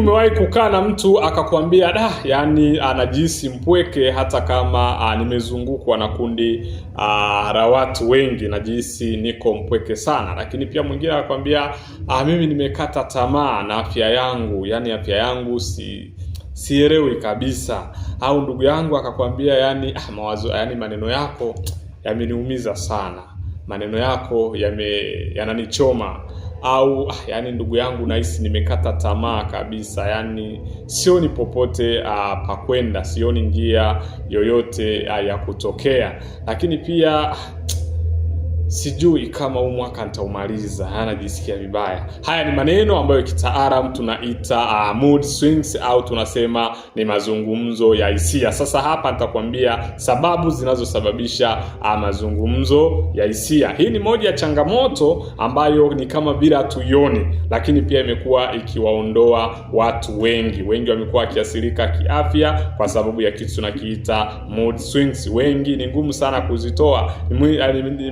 Umewahi kukaa na mtu akakwambia da, yani anajihisi ah, mpweke hata kama ah, nimezungukwa na kundi ah, la watu wengi, najihisi niko mpweke sana. Lakini pia mwingine akakwambia mimi nimekata tamaa na afya yangu, yani afya yangu si sielewi kabisa. Au ndugu yangu akakwambia yani, ah, mawazo yani, maneno yako yameniumiza sana, maneno yako yame yananichoma au yani, ndugu yangu, nahisi nimekata tamaa kabisa, yani sioni popote uh, pa kwenda, sioni njia yoyote uh, ya kutokea, lakini pia sijui kama huu mwaka nitaumaliza, anajisikia vibaya. Haya ni maneno ambayo kitaalam tunaita uh, mood swings au tunasema ni mazungumzo ya hisia. Sasa hapa nitakwambia sababu zinazosababisha uh, mazungumzo ya hisia. Hii ni moja ya changamoto ambayo ni kama vile hatuioni, lakini pia imekuwa ikiwaondoa watu wengi. Wengi wamekuwa wakiathirika kiafya kwa sababu ya kitu tunakiita mood swings. Wengi ni ngumu sana kuzitoa,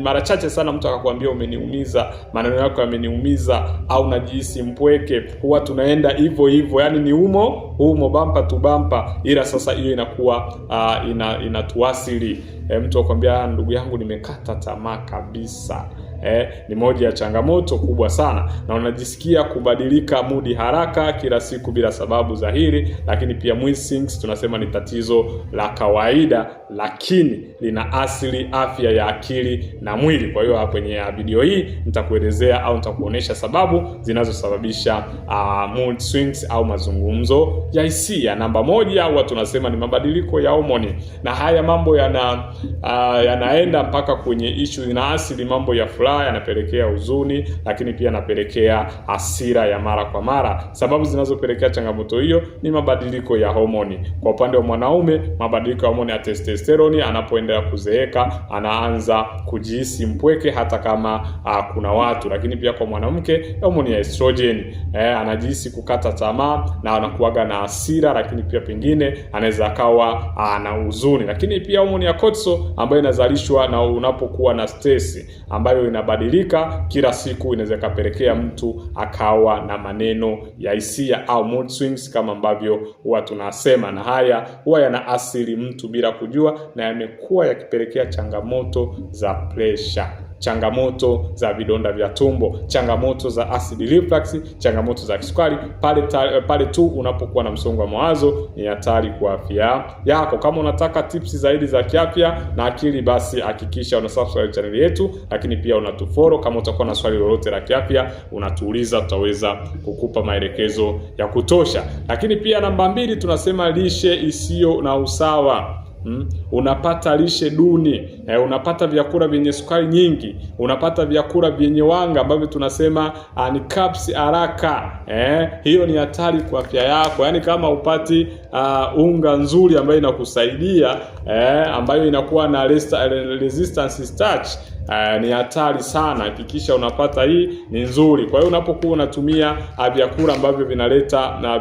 mara chache chache sana mtu akakwambia umeniumiza, maneno yako yameniumiza, au najihisi mpweke. Huwa tunaenda hivyo hivyo, yani ni umo humo, bampa tu bampa, ila sasa hiyo inakuwa uh, ina, inatuasili e, mtu akwambia ah, ndugu yangu nimekata tamaa kabisa. Eh, ni moja ya changamoto kubwa sana, na unajisikia kubadilika mudi haraka kila siku bila sababu dhahiri, lakini pia mwisings, tunasema ni tatizo la kawaida lakini lina asili afya ya akili na mwili. Kwa hiyo kwenye video hii nitakuelezea au nitakuonesha sababu zinazosababisha uh, mood swings au mazungumzo ya hisia. Namba moja, huwa tunasema ni mabadiliko ya homoni, na haya mambo yana uh, yanaenda mpaka kwenye ishu, ina asili mambo ya furaha, yanapelekea huzuni, lakini pia yanapelekea hasira ya mara kwa mara. Sababu zinazopelekea changamoto hiyo ni mabadiliko ya homoni. Kwa upande wa mwanaume, mabadiliko ya homoni ya testosterone testosterone anapoendelea kuzeeka anaanza kujihisi mpweke, hata kama a, ah, kuna watu. Lakini pia kwa mwanamke homoni ya estrogen eh, anajihisi kukata tamaa na anakuaga na hasira, lakini pia pengine anaweza akawa ah, na huzuni. Lakini pia homoni ya cortisol ambayo inazalishwa na unapokuwa na stress, ambayo inabadilika kila siku, inaweza ikapelekea mtu akawa na maneno ya hisia au mood swings kama ambavyo huwa tunasema, na haya huwa yana asili mtu bila kujua kufungiwa na yamekuwa yakipelekea changamoto za presha, changamoto za vidonda vya tumbo, changamoto za acid reflux, changamoto za kisukari. Pale pale tu unapokuwa na msongo wa mawazo, ni hatari kwa afya yako. Kama unataka tips zaidi za kiafya na akili, basi hakikisha una subscribe channel yetu, lakini pia unatufollow. Kama utakuwa na swali lolote la kiafya, unatuuliza, tutaweza kukupa maelekezo ya kutosha. Lakini pia namba mbili, tunasema lishe isiyo na usawa mm, unapata lishe duni eh, unapata vyakula vyenye sukari nyingi, unapata vyakula vyenye wanga ambavyo tunasema ah, ni carbs haraka eh, hiyo ni hatari kwa afya yako. Yaani kama upati uh, unga nzuri ambayo inakusaidia eh, ambayo inakuwa na resistance starch uh, ni hatari sana. Hakikisha unapata hii ni nzuri. Kwa hiyo unapokuwa unatumia ah, vyakula ambavyo vinaleta na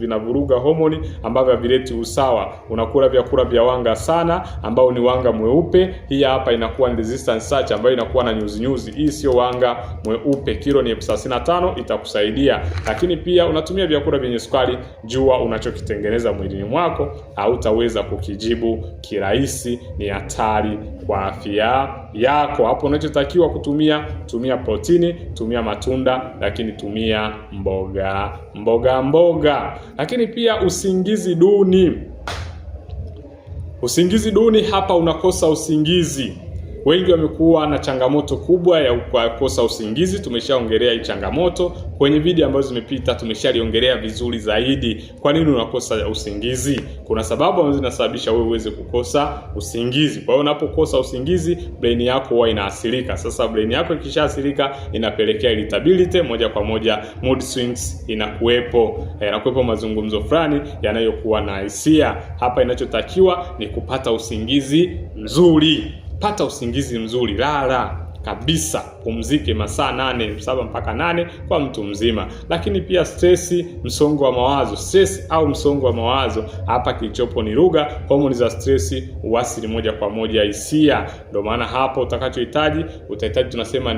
vinavuruga homoni ambavyo havileti usawa, unakula vyakula vya wanga sana ambao ni wanga mweupe, hii hapa inakuwa ni resistant starch ambayo inakuwa na nyuzi nyuzi. Hii sio wanga mweupe, kilo ni 35 itakusaidia. Lakini pia unatumia vyakula vyenye sukari, jua unachokitengeneza mwilini mwako hautaweza kukijibu kirahisi, ni hatari kwa afya yako hapo unachotakiwa kutumia, tumia protini, tumia matunda, lakini tumia mboga mboga mboga. Lakini pia usingizi duni, usingizi duni hapa unakosa usingizi Wengi wamekuwa na changamoto kubwa ya kukosa usingizi, tumeshaongelea hii changamoto kwenye video ambazo zimepita, tumeshaliongelea vizuri zaidi. Kwa nini unakosa usingizi? Kuna sababu ambazo zinasababisha wewe uweze kukosa usingizi. Kwa hiyo unapokosa usingizi, brain yako huwa inaathirika. Sasa brain yako ikishaathirika, inapelekea irritability, moja kwa moja mood swings inakuwepo, eh, inakuwepo mazungumzo fulani yanayokuwa na hisia. Hapa inachotakiwa ni kupata usingizi mzuri pata usingizi mzuri, lala kabisa, pumzike masaa nane saba mpaka nane kwa mtu mzima. Lakini pia stresi, msongo wa mawazo, stresi au msongo wa mawazo, hapa kilichopo ni lugha. Homoni za stresi uasili moja kwa moja hisia, ndio maana hapo utakachohitaji utahitaji tunasema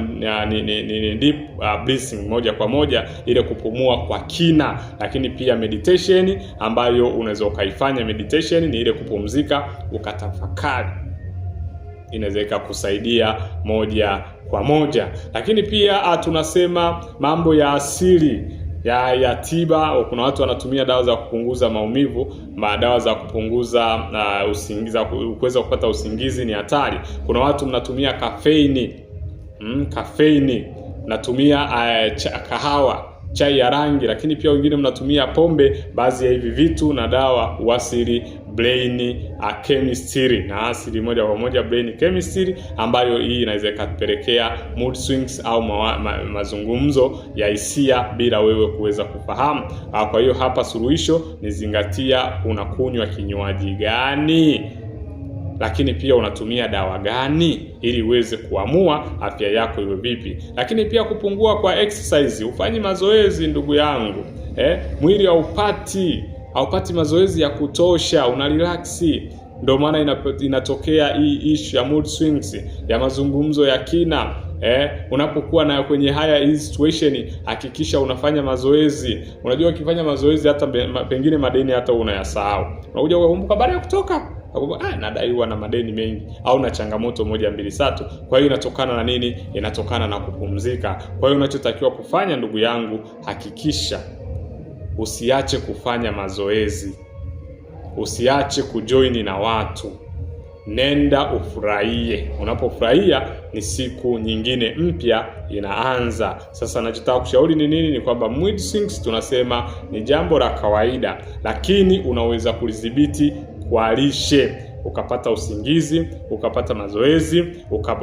ni, ni, ni, deep uh, breathing, moja kwa moja ile kupumua kwa kina. Lakini pia meditation ambayo unaweza ukaifanya meditation ni ile kupumzika ukatafakari inaweza ikakusaidia moja kwa moja. Lakini pia ah, tunasema mambo ya asili ya, ya tiba. Kuna watu wanatumia dawa za kupunguza maumivu, dawa za kupunguza uh, usingizi, kuweza kupata usingizi ni hatari. Kuna watu mnatumia kafeini mm, kafeini natumia uh, ah, cha, kahawa chai ya rangi, lakini pia wengine mnatumia pombe. Baadhi ya hivi vitu na dawa uasili brain chemistry na asili moja kwa moja brain chemistry, ambayo hii inaweza ikapelekea mood swings au ma, ma, mazungumzo ya hisia bila wewe kuweza kufahamu. Ah, kwa hiyo hapa suluhisho ni zingatia unakunywa kinywaji gani lakini pia unatumia dawa gani ili uweze kuamua afya yako iwe vipi. Lakini pia kupungua kwa exercise, ufanyi mazoezi ndugu yangu eh, mwili haupati haupati mazoezi ya kutosha, una relax. Ndio maana inatokea hii ishu ya mood swings, ya mazungumzo ya kina. Eh, unapokuwa na kwenye haya hii situation, hakikisha unafanya mazoezi. Unajua ukifanya mazoezi hata pengine madeni hata unayasahau, unakuja ukakumbuka baada ya kutoka Ah, nadaiwa na madeni mengi au na changamoto moja mbili tatu. Kwa hiyo inatokana na nini? Inatokana na kupumzika. Kwa hiyo unachotakiwa kufanya ndugu yangu, hakikisha usiache kufanya mazoezi, usiache kujoini na watu, nenda ufurahie. Unapofurahia ni siku nyingine mpya inaanza. Sasa nachotaka kushauri ni nini? Ni kwamba mood swings tunasema ni jambo la kawaida, lakini unaweza kulidhibiti kwa lishe ukapata usingizi, ukapata mazoezi,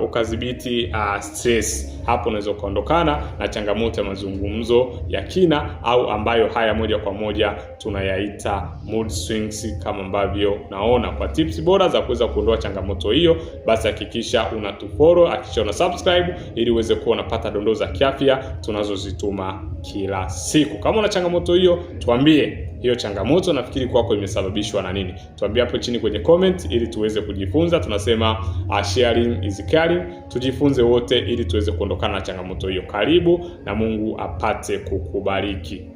ukadhibiti uh, stress. Hapo unaweza ukaondokana na changamoto ya mazungumzo ya kina, au ambayo haya moja kwa moja tunayaita mood swings, kama ambavyo naona. Kwa tips bora za kuweza kuondoa changamoto hiyo, basi hakikisha una tuforo, hakikisha una subscribe ili uweze kuwa unapata dondoo za kiafya tunazozituma kila siku. Kama una changamoto hiyo, tuambie hiyo changamoto nafikiri kwako imesababishwa na nini? Tuambie hapo chini kwenye comment ili tuweze kujifunza. Tunasema uh, sharing is caring, tujifunze wote ili tuweze kuondokana na changamoto hiyo. Karibu na Mungu apate kukubariki.